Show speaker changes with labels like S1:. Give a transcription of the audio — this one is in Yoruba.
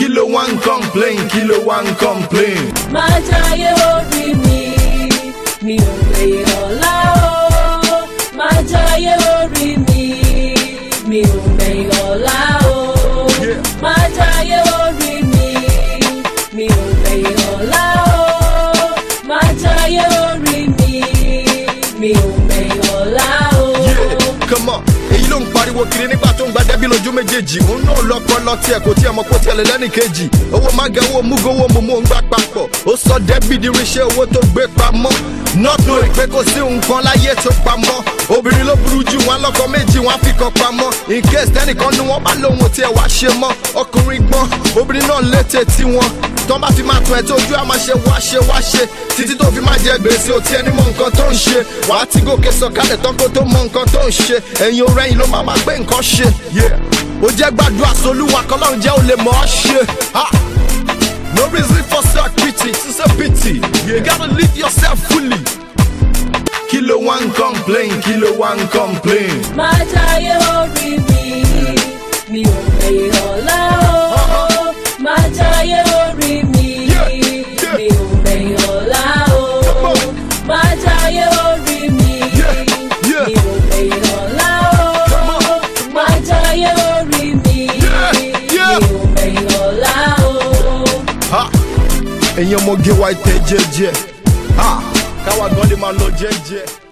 S1: Kilo one complain, kilo one complain.
S2: Májàyé orí mi, mi ò lè ọ̀la o. Májàyé orí mi, mi ò lè ọ̀la o. Májàyé orí mi, mi ò lè ọ̀la o. Májàyé orí mi, mi ò lè ọ̀la o.
S3: Come on, èyí ló ń pariwo in. méjèèjì òun náà lọ́pọlọ tiẹ̀ kò tiẹ̀ mọ̀ kó tiẹ̀ lè lẹ́nì kejì owó mága owó mugo owó mumu ń gbà papọ̀ ó sọ dẹ́bìdì ríṣẹ́ owó tó gbé pamọ́ nọ́ọ̀nù ìpè kò sí nǹkan láyé tó pamọ́ obìnrin ló burú jù wọn lọ́kọ méjì wọn fi kan pamọ́ in case tẹ́nìkan ni wọ́n bá lóhun tiẹ̀ wá ṣe mọ́ ọkùnrin gbọ́n obìnrin náà létè tiwọn tó bá fi máa tún ẹ tó àmọ́ ṣe wá ṣe wá ṣe títí tó fi máa jẹ gbèsè òtí ẹni mọ nǹkan tó ń ṣe wàá tí gòkè sọ̀kalẹ̀ tán kó tó mọ nǹkan tó ń ṣe ẹ̀yìn orẹ́yìn ló máa máa gbé nǹkan ṣe ó jẹ́ gbàdúrà sólúwa kọ́lọ́run jẹ́ ò lè mọ̀ ọ́ ṣe.
S1: No reason for self pity, sincere pity. You gotta live yourself fully. Kilo one complain, kilo one complain.
S2: Máa jayé orí mi.
S3: ẹ̀yin ọmọge wa tẹ jẹ́jẹ́ káwa gan lè máa lọ jẹ́jẹ́.